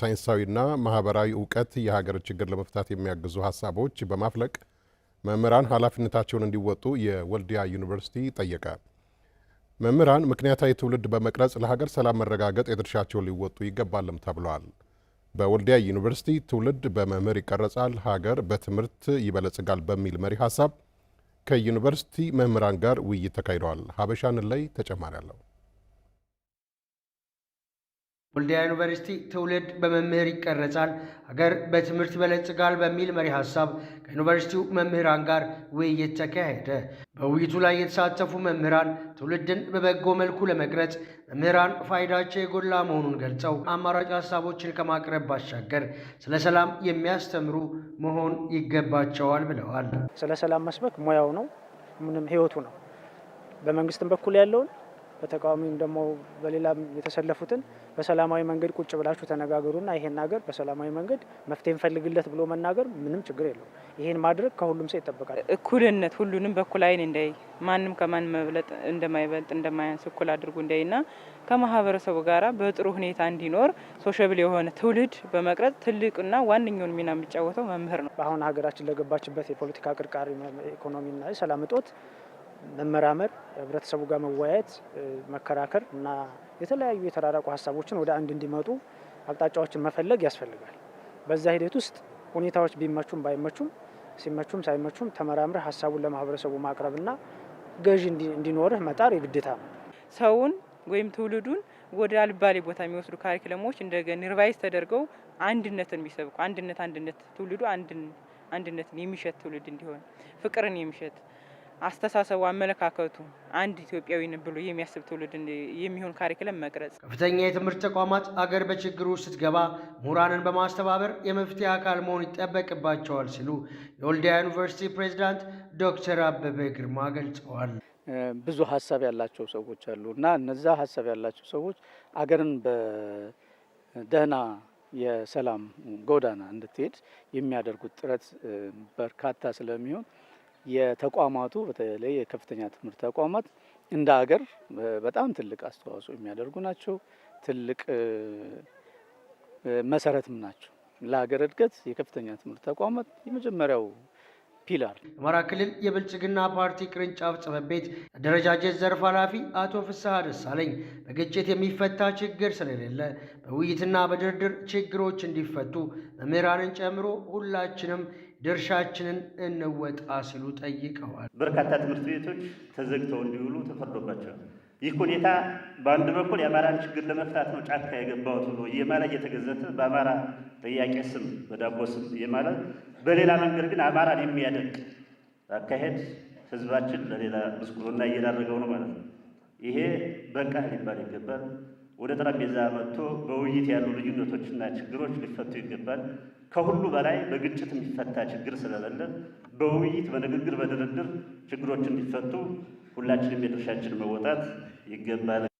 ሳይንሳዊና ማህበራዊ እውቀት የሀገር ችግር ለመፍታት የሚያግዙ ሀሳቦች በማፍለቅ መምህራን ኃላፊነታቸውን እንዲወጡ የወልዲያ ዩኒቨርሲቲ ጠየቀ። መምህራን ምክንያታዊ ትውልድ በመቅረጽ ለሀገር ሰላም መረጋገጥ የድርሻቸውን ሊወጡ ይገባልም ተብሏል። በወልዲያ ዩኒቨርሲቲ ትውልድ በመምህር ይቀረጻል፣ ሀገር በትምህርት ይበለጽጋል በሚል መሪ ሀሳብ ከዩኒቨርሲቲ መምህራን ጋር ውይይት ተካሂደዋል። ሀበሻን ላይ ተጨማሪ አለው። ወልዲያ ዩኒቨርሲቲ ትውልድ በመምህር ይቀረጻል፣ ሀገር በትምህርት ይበለጽጋል በሚል መሪ ሀሳብ ከዩኒቨርሲቲው መምህራን ጋር ውይይት ተካሄደ። በውይይቱ ላይ የተሳተፉ መምህራን ትውልድን በበጎ መልኩ ለመቅረጽ መምህራን ፋይዳቸው የጎላ መሆኑን ገልጸው አማራጭ ሀሳቦችን ከማቅረብ ባሻገር ስለ ሰላም የሚያስተምሩ መሆን ይገባቸዋል ብለዋል። ስለ ሰላም መስበክ ሙያው ነው፣ ምንም ህይወቱ ነው። በመንግስትም በኩል ያለውን በተቃዋሚም ደግሞ በሌላም የተሰለፉትን በሰላማዊ መንገድ ቁጭ ብላችሁ ተነጋገሩና ይሄን ነገር በሰላማዊ መንገድ መፍትሄ እንፈልግለት ብሎ መናገር ምንም ችግር የለው። ይሄን ማድረግ ከሁሉም ሰው ይጠበቃል። እኩልነት ሁሉንም በኩል አይን እንዳይ ማንም ከማን መብለጥ እንደማይበልጥ እንደማያንስ እኩል አድርጉ እንዳይና ከማህበረሰቡ ጋራ በጥሩ ሁኔታ እንዲኖር ሶሻብል የሆነ ትውልድ በመቅረጽ ትልቅና ዋነኛውን ሚና የሚጫወተው መምህር ነው። በአሁን ሀገራችን ለገባችበት የፖለቲካ ቅርቃሪ ኢኮኖሚና የሰላም እጦት መመራመር፣ ህብረተሰቡ ጋር መወያየት፣ መከራከር እና የተለያዩ የተራራቁ ሀሳቦችን ወደ አንድ እንዲመጡ አቅጣጫዎችን መፈለግ ያስፈልጋል። በዛ ሂደት ውስጥ ሁኔታዎች ቢመቹም ባይመቹም ሲመቹም ሳይመቹም ተመራምረህ ሀሳቡን ለማህበረሰቡ ማቅረብና ገዥ እንዲኖርህ መጣር የግዴታ ነው። ሰውን ወይም ትውልዱን ወደ አልባሌ ቦታ የሚወስዱ ካሪክለሞች እንደገና ሪቫይዝ ተደርገው አንድነትን የሚሰብቁ አንድነት አንድነት ትውልዱ አንድነትን የሚሸት ትውልድ እንዲሆን ፍቅርን የሚሸት አስተሳሰቡ፣ አመለካከቱ አንድ ነው ብሎ የሚያስብ ትውልድ የሚሆን ካሪክለም መቅረጽ። ከፍተኛ የትምህርት ተቋማት አገር በችግሩ ስትገባ ምሁራንን በማስተባበር የመፍትሄ አካል መሆን ይጠበቅባቸዋል ሲሉ የወልዲያ ዩኒቨርሲቲ ፕሬዚዳንት ዶክተር አበበ ግርማ ገልጸዋል። ብዙ ሀሳብ ያላቸው ሰዎች አሉ እና እነዛ ሀሳብ ያላቸው ሰዎች አገርን በደህና የሰላም ጎዳና እንድትሄድ የሚያደርጉት ጥረት በርካታ ስለሚሆን የተቋማቱ በተለይ የከፍተኛ ትምህርት ተቋማት እንደ ሀገር በጣም ትልቅ አስተዋጽኦ የሚያደርጉ ናቸው። ትልቅ መሰረትም ናቸው ለሀገር እድገት። የከፍተኛ ትምህርት ተቋማት የመጀመሪያው ፒላር የአማራ ክልል የብልጽግና ፓርቲ ቅርንጫፍ ጽፈት ቤት አደረጃጀት ዘርፍ ኃላፊ አቶ ፍስሐ ደሳለኝ በግጭት የሚፈታ ችግር ስለሌለ በውይይትና በድርድር ችግሮች እንዲፈቱ መምህራንን ጨምሮ ሁላችንም ድርሻችንን እንወጣ ሲሉ ጠይቀዋል። በርካታ ትምህርት ቤቶች ተዘግተው እንዲውሉ ተፈርዶባቸዋል። ይህ ሁኔታ በአንድ በኩል የአማራን ችግር ለመፍታት ነው ጫካ የገባሁት ብሎ የማለ እየተገዘተ በአማራ ጥያቄ ስም በዳቦ ስም በሌላ መንገድ ግን አማራን የሚያደርግ አካሄድ ህዝባችን ለሌላ ምስጉርና እየዳረገው ነው ማለት ነው። ይሄ በቃ ሊባል ይገባል። ወደ ጠረጴዛ መጥቶ በውይይት ያሉ ልዩነቶችና ችግሮች ሊፈቱ ይገባል። ከሁሉ በላይ በግጭት የሚፈታ ችግር ስለሌለ በውይይት፣ በንግግር፣ በድርድር ችግሮች እንዲፈቱ ሁላችንም የድርሻችን መወጣት you get better